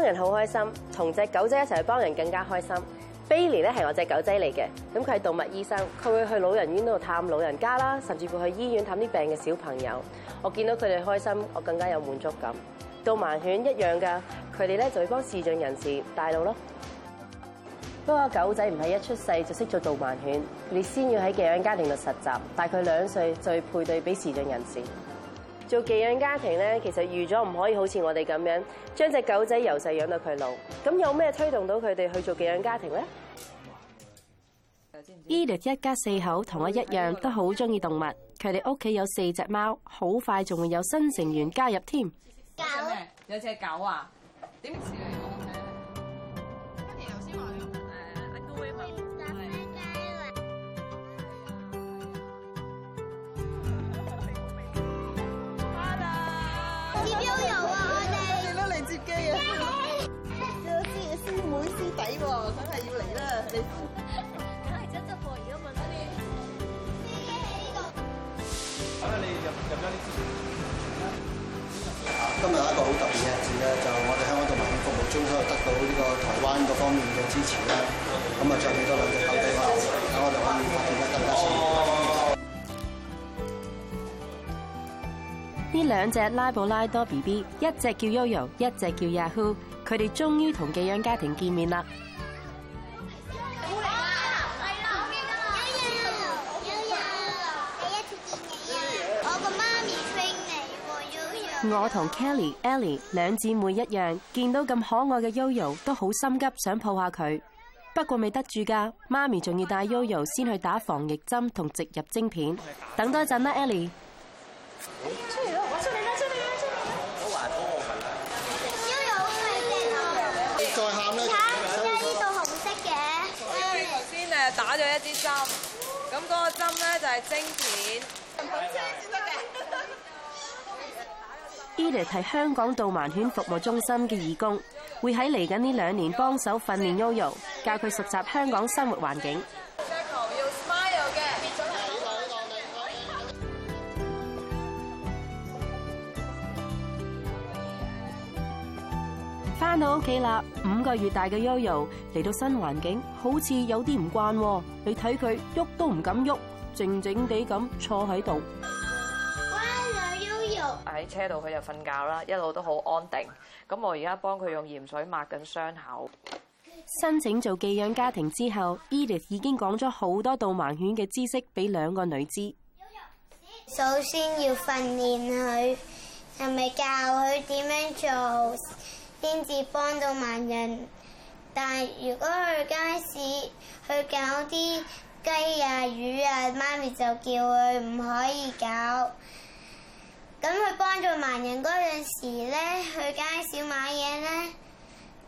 幫人好開心，同隻狗仔一齊去幫人更加開心。Billy 咧係我隻狗仔嚟嘅，咁佢係動物醫生，佢會去老人院度探老人家啦，甚至乎去醫院探啲病嘅小朋友。我見到佢哋開心，我更加有滿足感。導盲犬一樣噶，佢哋咧就會幫視障人士帶路咯。不過狗仔唔係一出世就識做導盲犬，你先要喺寄養家庭度實習，大概兩歲再配對俾視障人士。做寄養家庭咧，其實預咗唔可以好似我哋咁樣將隻狗仔由細養到佢老。咁有咩推動到佢哋去做寄養家庭咧？Edith 一家四口同我一樣，都好中意動物。佢哋屋企有四隻貓，好快仲會有新成員加入添。狗有隻狗啊？點知？真真破表嘛！嗰今日有一個好特別嘅日子咧，就我哋香港導盲犬服務中心得到呢個台灣嗰方面嘅支持啦。咁啊，再畀多兩隻狗仔啦。哦。呢兩隻拉布拉多 B B，一隻叫 Yoyo，一隻叫 Yahoo。佢哋終於同寄養家庭見面啦。我同 Kelly、Ellie 兩姊妹一樣，見到咁可愛嘅 Yoyo 都好心急，想抱下佢，不過未得住噶。媽咪仲要帶 Yoyo 先去打防疫針同植入晶片，等多一陣啦，Ellie。出嚟啦！出嚟啦！出嚟啦！出嚟啦！Yoyo，你再喊啦！依度紅色嘅，因為頭先誒打咗一支針，咁、那、嗰個針咧就係晶片。咁好先至得嘅。 Edith 係香港導盲犬服務中心嘅義工，會喺嚟緊呢兩年幫手訓練悠悠，教佢熟習香港生活環境。翻到屋企啦，五個月大嘅悠悠嚟到新環境，好似有啲唔慣。你睇佢喐都唔敢喐，靜靜地咁坐喺度。喺車度佢就瞓覺啦，一路都好安定。咁我而家幫佢用鹽水抹緊傷口。申請做寄養家庭之後，Edith 已經講咗好多導盲犬嘅知識俾兩個女知。首先要訓練佢，係咪教佢點樣做先至幫到盲人？但係如果去街市去搞啲雞啊魚啊，媽咪就叫佢唔可以搞。咁佢幫助盲人嗰陣時咧，去街市買嘢咧，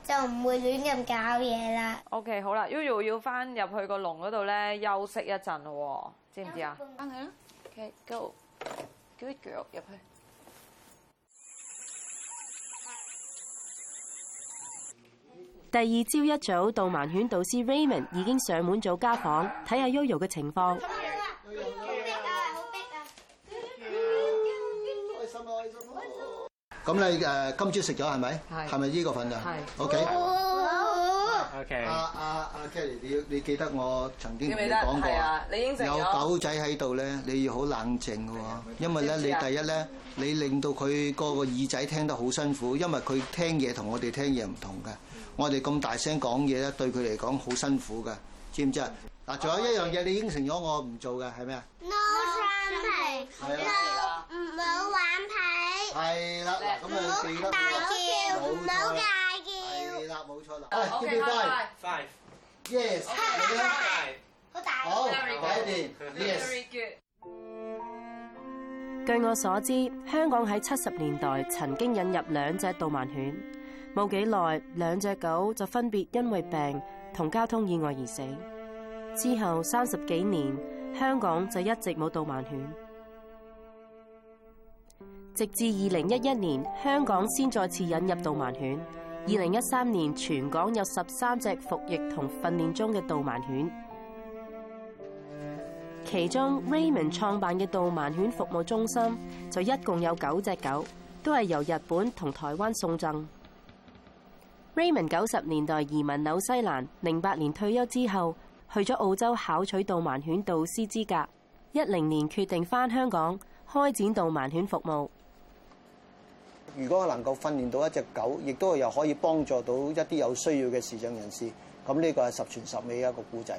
就唔會亂咁搞嘢啦。OK，好啦，Yoyo 要翻入去個籠嗰度咧，休息一陣咯，知唔知啊？翻去啦。K，Go，Good girl 入去。第二朝一早，導盲犬導師 Raymond 已經上門做家訪，睇下 Yoyo 嘅情況。咁你誒，今朝食咗係咪？係咪依個份㗎？係。O K。O K。阿、阿、阿 Kelly，你要你記得我曾經同你講過啊。記得。有狗仔喺度咧，你要好冷靜嘅喎，因為咧你第一咧，你令到佢個個耳仔聽得好辛苦，因為佢聽嘢同我哋聽嘢唔同嘅。我哋咁大聲講嘢咧，對佢嚟講好辛苦嘅，知唔知啊？嗱，仲有一樣嘢你應承咗我唔做嘅係咩啊？No jumping，no 唔好玩牌。係啦，嗱咁啊，記得冇錯啦，啦，冇錯啦。啊，跳好大叫，okay, yes. okay, yes. hi hi hi. 好，好，第據我所知，香港喺七十年代曾經引入兩隻導盲犬，冇幾耐，兩隻狗就分別因為病同交通意外而死。之後三十幾年，香港就一直冇導盲犬。直至二零一一年，香港先再次引入導盲犬。二零一三年，全港有十三隻服役同訓練中嘅導盲犬，其中 Raymond 創辦嘅導盲犬服務中心就一共有九隻狗，都係由日本同台灣送贈。Raymond 九十年代移民紐西蘭，零八年退休之後去咗澳洲考取導盲犬導師資格，一零年決定返香港開展導盲犬服務。如果能夠訓練到一隻狗，亦都又可以幫助到一啲有需要嘅視障人士，咁呢個係十全十美一個故仔。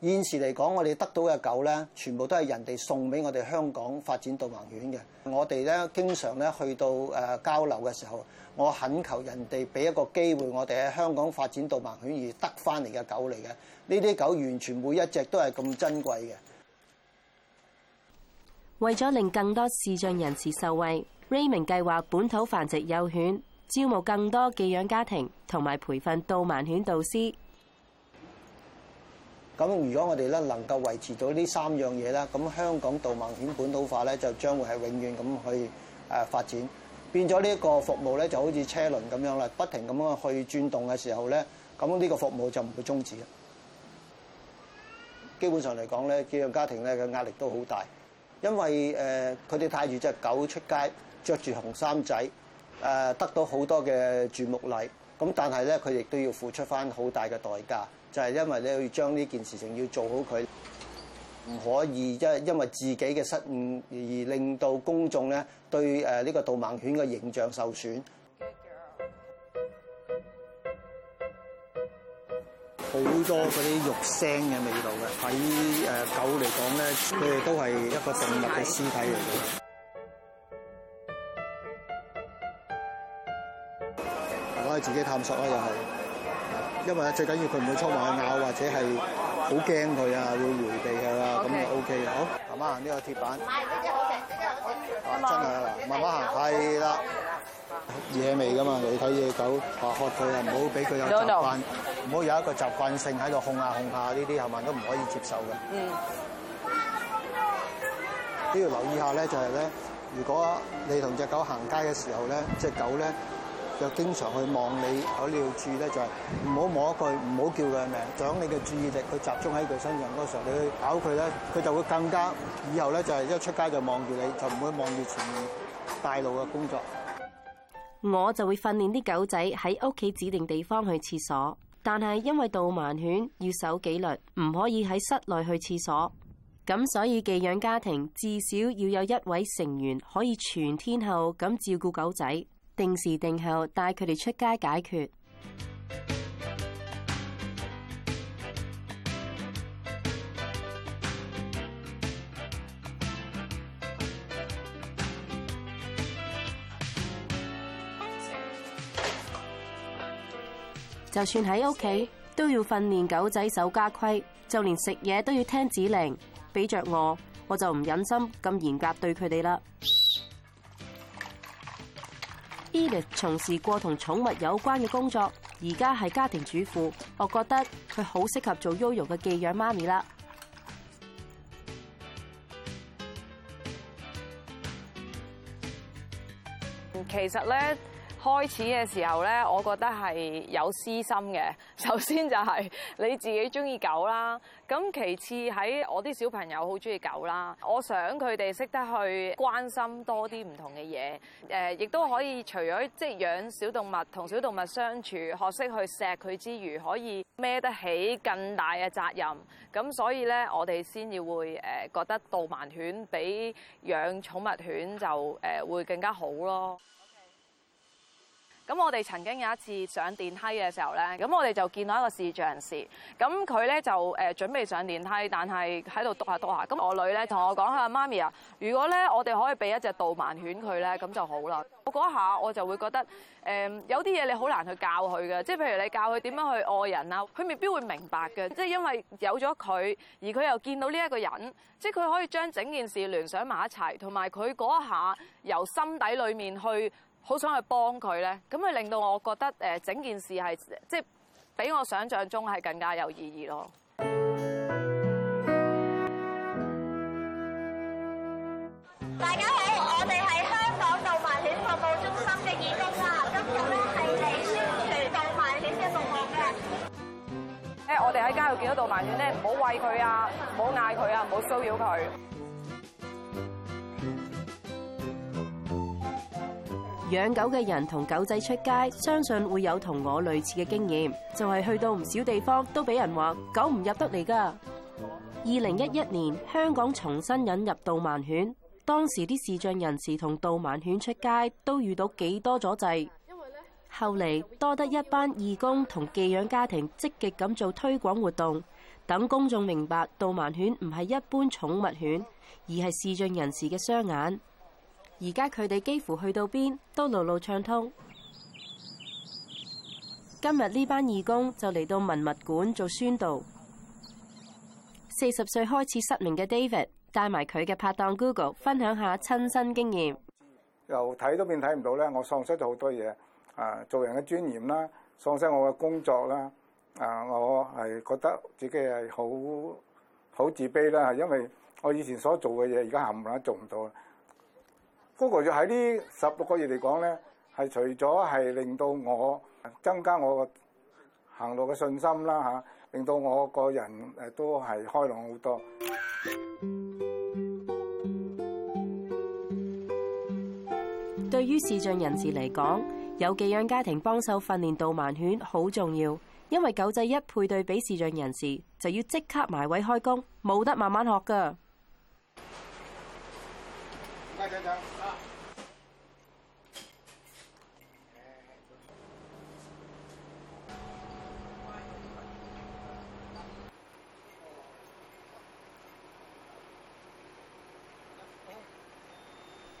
現時嚟講，我哋得到嘅狗呢，全部都係人哋送俾我哋香港發展導盲犬嘅。我哋咧經常咧去到誒交流嘅時候，我懇求人哋俾一個機會我哋喺香港發展導盲犬而得翻嚟嘅狗嚟嘅。呢啲狗完全每一隻都係咁珍貴嘅。為咗令更多視障人士受惠。Raymond 計劃本土繁殖幼犬，招募更多寄養家庭，同埋培訓導盲犬導師。咁如果我哋咧能夠維持到呢三樣嘢咧，咁香港導盲犬本土化咧就將會係永遠咁去誒發展，變咗呢一個服務咧就好似車輪咁樣啦，不停咁樣去轉動嘅時候咧，咁呢個服務就唔會終止嘅。基本上嚟講咧，寄養家庭咧嘅壓力都好大，因為誒佢哋帶住隻狗出街。着住紅衫仔，誒得到好多嘅注目禮，咁但係咧，佢亦都要付出翻好大嘅代價，就係因為咧要將呢件事情要做好，佢唔可以因因為自己嘅失誤而令到公眾咧對誒呢個導盲犬嘅形象受損。好多嗰啲肉腥嘅味道嘅，喺誒狗嚟講咧，佢哋都係一個動物嘅屍體嚟嘅。自己探索啦，又係，因為咧最緊要佢唔會衝埋去咬，或者係好驚佢啊，會迴避佢啊，咁就 OK。好，咁啊呢個鐵板，真係慢慢行，係啦，野味噶嘛，你要睇野狗，嚇嚇佢啊，唔好俾佢有習慣，唔好有一個習慣性喺度控下控下，呢啲係咪都唔可以接受嘅？嗯。都要留意下咧，就係咧，如果你同隻狗行街嘅時候咧，隻狗咧。就經常去望你，你要注意咧，就係唔好摸佢，唔好叫佢嘅名，將你嘅注意力去集中喺佢身上嗰時候，你去咬佢咧，佢就會更加以後咧就係一出街就望住你，就唔會望住前面帶路嘅工作。我就會訓練啲狗仔喺屋企指定地方去廁所，但係因為導盲犬要守紀律，唔可以喺室內去廁所，咁所以寄養家庭至少要有一位成員可以全天候咁照顧狗仔。定時定候帶佢哋出街解決，就算喺屋企都要訓練狗仔守家規，就連食嘢都要聽指令。俾着我，我就唔忍心咁嚴格對佢哋啦。Edith 從事過同寵物有關嘅工作，而家係家庭主婦，我覺得佢好適合做 Yoyo 嘅寄養媽咪啦。其實咧。開始嘅時候呢，我覺得係有私心嘅。首先就係你自己中意狗啦，咁其次喺我啲小朋友好中意狗啦，我想佢哋識得去關心多啲唔同嘅嘢，呃、亦都可以除咗即係養小動物同小動物相處，學識去錫佢之餘，可以孭得起更大嘅責任。咁所以呢，我哋先至會誒覺得導盲犬比養寵物犬就誒會更加好咯。咁我哋曾經有一次上電梯嘅時候咧，咁我哋就見到一個視障人士，咁佢咧就誒準備上電梯，但係喺度篤下篤下。咁我女咧同我講：佢話媽咪啊，如果咧我哋可以俾一隻導盲犬佢咧，咁就好啦。我嗰下我就會覺得、呃、有啲嘢你好難去教佢嘅，即係譬如你教佢點樣去愛人啊，佢未必會明白嘅。即係因為有咗佢，而佢又見到呢一個人，即係佢可以將整件事聯想埋一齊，同埋佢嗰一下由心底裏面去。好想去幫佢咧，咁佢令到我覺得誒整件事係即係比我想像中係更加有意義咯。大家好，我哋係香港導盲犬服務中心嘅義工啦，今日咧係嚟宣傳導盲犬嘅服務嘅。誒，我哋喺街度見到導盲犬咧，唔好餵佢啊，唔好嗌佢啊，唔好騷擾佢。養狗嘅人同狗仔出街，相信會有同我類似嘅經驗，就係去到唔少地方都俾人話狗唔入得嚟㗎。二零一一年香港重新引入導盲犬，當時啲視障人士同導盲犬出街都遇到幾多阻滯。後嚟多得一班義工同寄養家庭積極咁做推廣活動，等公眾明白導盲犬唔係一般寵物犬，而係視障人士嘅雙眼。而家佢哋幾乎去到邊都路路暢通。今日呢班義工就嚟到文物館做宣導。四十歲開始失明嘅 David 帶埋佢嘅拍檔 Google 分享一下親身經驗。由睇都變睇唔到咧，我喪失咗好多嘢啊！做人嘅尊嚴啦，喪失我嘅工作啦啊！我係覺得自己係好好自卑啦，因為我以前所做嘅嘢，而家冚唪唥做唔到。Google 佢喺呢十六個月嚟講咧，係除咗係令到我增加我嘅行路嘅信心啦嚇，令到我個人誒都係開朗好多。對於視障人士嚟講，有寄養家庭幫手訓練導盲犬好重要，因為狗仔一配對俾視障人士，就要即刻埋位開工，冇得慢慢學㗎。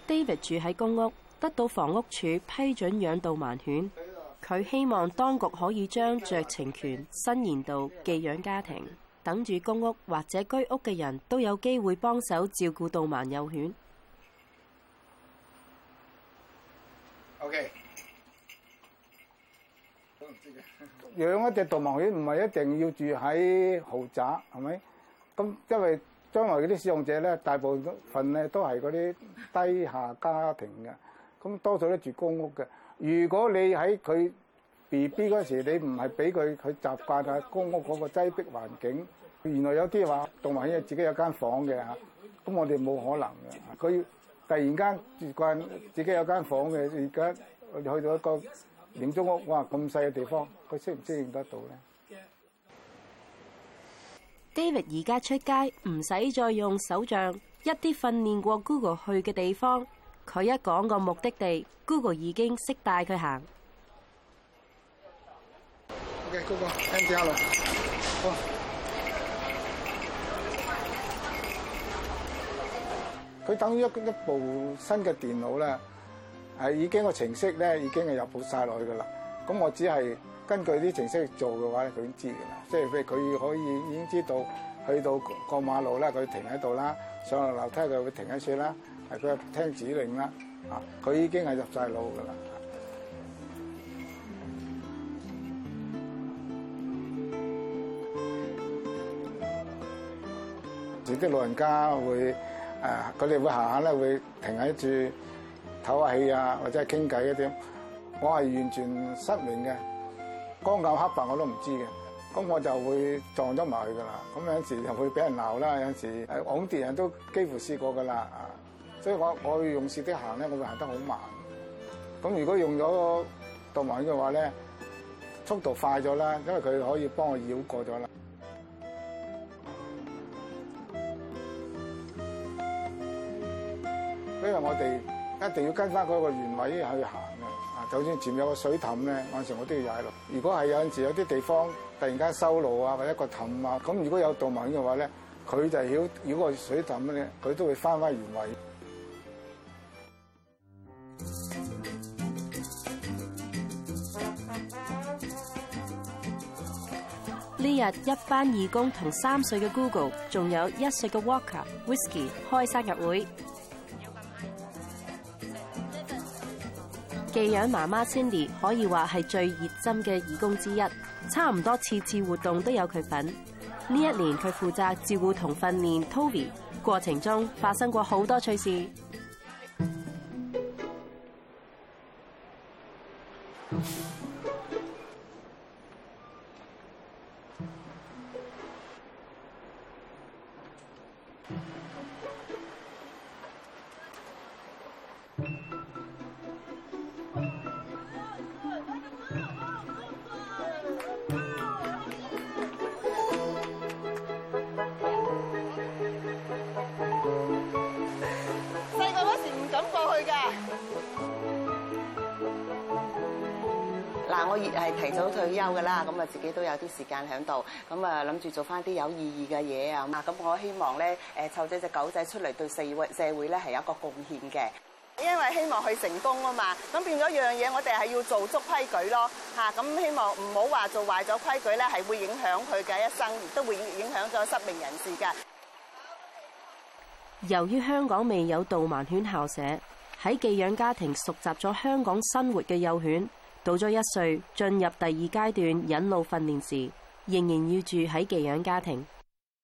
David 住喺公屋，得到房屋署批准養導盲犬。佢希望當局可以將酌情權伸延到寄養家庭，等住公屋或者居屋嘅人都有機會幫手照顧導盲幼犬。OK，養一隻導盲犬唔係一定要住喺豪宅，係咪？咁因為將來嗰啲使用者咧，大部分咧都係嗰啲低下家庭嘅，咁多數都住公屋嘅。如果你喺佢 B B 嗰時，你唔係俾佢佢習慣嘅公屋嗰個擠迫環境，原來有啲話導盲犬係自己有間房嘅嚇，咁我哋冇可能嘅，佢。突然間住慣自己有間房嘅，而家去到一個廉租屋，哇！咁細嘅地方，佢適唔適應得到咧？David 而家出街唔使再用手杖，一啲訓練過 Google 去嘅地方，佢一講個目的地，Google 已經識帶佢行。佢等於一一部新嘅電腦咧，係已經個程式咧，已經係入好晒落去噶啦。咁我只係根據啲程式做嘅話咧，佢已經知嘅啦。即係譬如佢可以已經知道去到過馬路啦，佢停喺度啦，上落樓梯佢會停喺處啦，係佢聽指令啦。啊，佢已經係入晒腦噶啦。有啲 老人家會。誒，佢哋、啊、會行下咧，會停喺住唞下氣啊，或者傾偈啊啲。我係完全失明嘅，光暗黑白我都唔知嘅，咁我就會撞咗埋去噶啦。咁有時就會俾人鬧啦，有時誒，我啲人都幾乎試過噶啦啊。所以我我用雪啲行咧，我會行得好慢。咁如果用咗導盲犬嘅話咧，速度快咗啦，因為佢可以幫我繞過咗啦。因為我哋一定要跟翻佢個原位去行嘅啊，就算前面有個水凼，咧，有陣時我都要踩落。如果係有陣時有啲地方突然間修路啊，或者一個氹啊，咁如果有導盲犬嘅話咧，佢就係繞繞個水凼，咧，佢都會翻翻原位。呢日一班義工同三歲嘅 Google，仲有一歲嘅 Walker、Whisky 開生日會。寄養媽媽 Cindy 可以話係最熱心嘅義工之一，差唔多次次活動都有佢份。呢一年佢負責照顧同訓練 Toby，過程中發生過好多趣事。 可以係提早退休嘅啦，咁啊自己都有啲時間喺度，咁啊諗住做翻啲有意義嘅嘢啊嘛，咁我希望咧誒湊隻隻狗仔出嚟對社會社會咧係有一個貢獻嘅，因為希望佢成功啊嘛，咁變咗樣嘢，我哋係要做足規矩咯嚇，咁希望唔好話做壞咗規矩咧，係會影響佢嘅一生，亦都會影響咗失明人士嘅。由於香港未有導盲犬校舍，喺寄養家庭熟習咗香港生活嘅幼犬。到咗一歲，進入第二階段引路訓練時，仍然要住喺寄養家庭。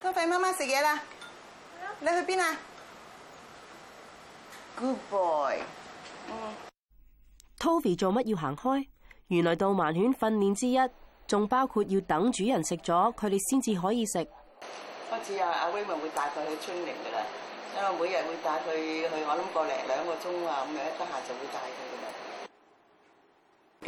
Toby 媽媽食嘢啦，你去邊啊？Good boy。嗯、Toby 做乜要行開？原來導盲犬訓練之一，仲包括要等主人食咗，佢哋先至可以食。開始阿阿 Raymond 會帶佢去 training 噶啦，因為每日會帶佢去，我諗個零兩個鐘啊咁樣，得閒就會帶佢。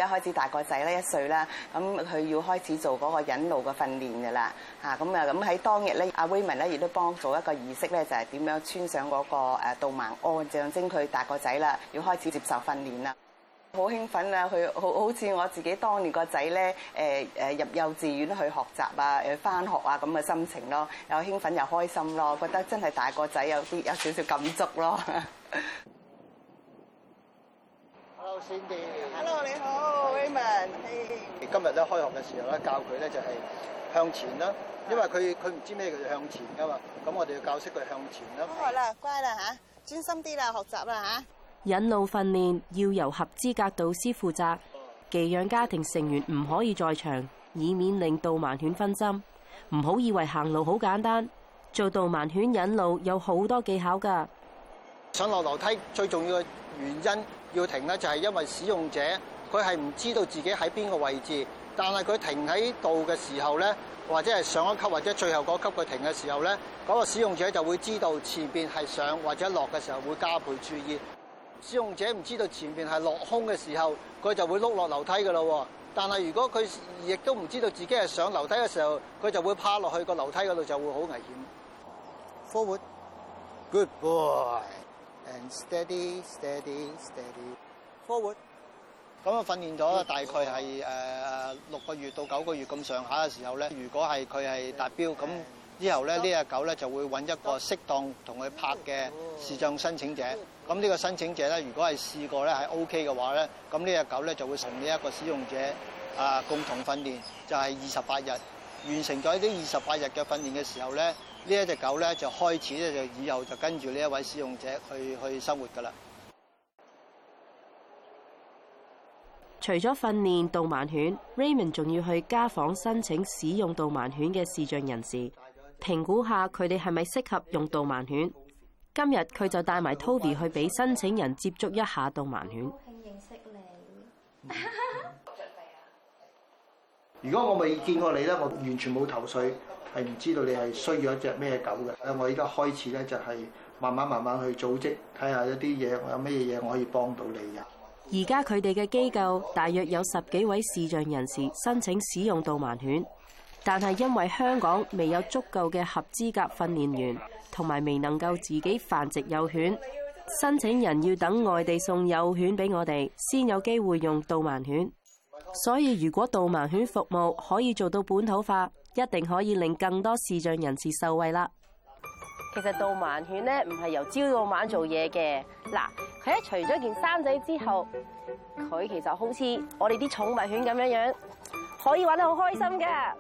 而家開始大個仔咧，一歲啦，咁佢要開始做嗰個引路嘅訓練㗎啦，嚇咁啊，咁喺當日咧，阿 Raymond 咧亦都幫做一個儀式咧，就係、是、點樣穿上嗰個誒導盲鞍，象徵佢大個仔啦，要開始接受訓練啦。好興奮啊！佢好好似我自己當年個仔咧，誒、呃、誒入幼稚園去學習啊，誒返學啊咁嘅心情咯，又興奮又開心咯，覺得真係大個仔有啲有少少感觸咯。 Hello, Hello，你好 Hi.，Raymond，Hey. 今日咧開學嘅時候咧教佢咧就係向前啦，因為佢佢唔知咩叫向前噶嘛，咁我哋要教識佢向前啦。好啦，乖啦吓，啊，專心啲啦，學習啦吓。啊，引路訓練要由合資格導師負責，寄養、哦、家庭成員唔可以在場，以免令導盲犬分心。唔好以為行路好簡單，做導盲犬引路有好多技巧噶。上落樓，樓梯最重要嘅原因。要停呢，就係因為使用者佢係唔知道自己喺邊個位置，但係佢停喺度嘅時候呢，或者係上一級或者最後嗰級佢停嘅時候呢，嗰個使用者就會知道前邊係上或者落嘅時候會加倍注意。使用者唔知道前面係落空嘅時候，佢就會碌落樓梯㗎喇喎。但係如果佢亦都唔知道自己係上樓梯嘅時候，佢就會趴落去個樓梯嗰度，就會好危險。Forward, good boy。And steady, steady, steady, forward. 咁啊，訓練咗大概係誒六個月到九個月咁上下嘅時候咧，如果係佢係達標，咁之後咧呢隻 Stop. 狗咧就會揾一個適當同佢拍嘅視障申請者。咁呢個申請者咧，如果係試過咧係 OK 嘅話咧，咁呢隻狗咧就會同呢一個使用者啊共同訓練，就係二十八日完成咗呢啲二十八日嘅訓練嘅時候咧。呢一隻狗咧就開始咧，就以後就跟住呢一位使用者去去生活噶啦。除咗訓練導盲犬，Raymond 仲要去家訪申請使用導盲犬嘅視障人士，評估下佢哋係咪適合用導盲犬。今日佢就帶埋 Toby 去俾申請人接觸一下導盲犬。認識你。準備啊。如果我未見過你咧，我完全冇頭緒。係唔知道你係需要一隻咩狗嘅？我而家開始咧就係慢慢慢慢去組織，睇下一啲嘢，我有咩嘢我可以幫到你呀？而家佢哋嘅機構大約有十幾位視障人士申請使用導盲犬，但係因為香港未有足夠嘅合資格訓練員，同埋未能夠自己繁殖幼犬，申請人要等外地送幼犬俾我哋，先有機會用導盲犬。所以如果導盲犬服務可以做到本土化，一定可以令更多視障人士受惠啦。其實導盲犬咧唔係由朝到晚做嘢嘅，嗱，佢一除咗件衫仔之後，佢其實好似我哋啲寵物犬咁樣樣，可以玩得好開心嘅。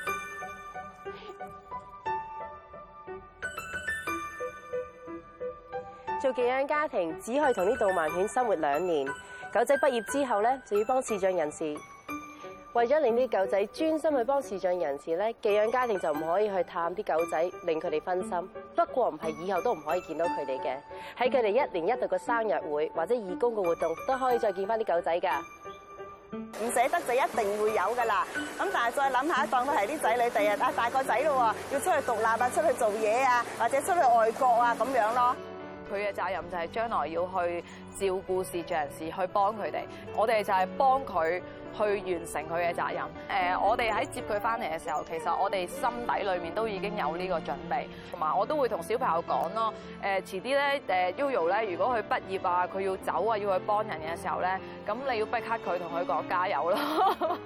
做寄養家庭只可以同啲導盲犬生活兩年。狗仔畢業之後咧，就要幫視障人士。為咗令啲狗仔專心去幫視障人士咧，寄養家庭就唔可以去探啲狗仔，令佢哋分心。不過唔係以後都唔可以見到佢哋嘅。喺佢哋一年一度嘅生日會或者義工嘅活動，都可以再見翻啲狗仔噶。唔捨得就一定會有噶啦。咁但係再諗下，當都係啲仔女，第日大個仔咯，要出去獨立啊，出去做嘢啊，或者出去外國啊，咁樣咯。佢嘅責任就係將來要去照顧視障人士，去幫佢哋。我哋就係幫佢去完成佢嘅責任。誒，我哋喺接佢翻嚟嘅時候，其實我哋心底裡面都已經有呢個準備，同埋我都會同小朋友講咯。誒，遲啲咧，誒 Yoyo 咧，如果佢畢業啊，佢要走啊，要去幫人嘅時候咧，咁你要逼黑佢，同佢講加油咯。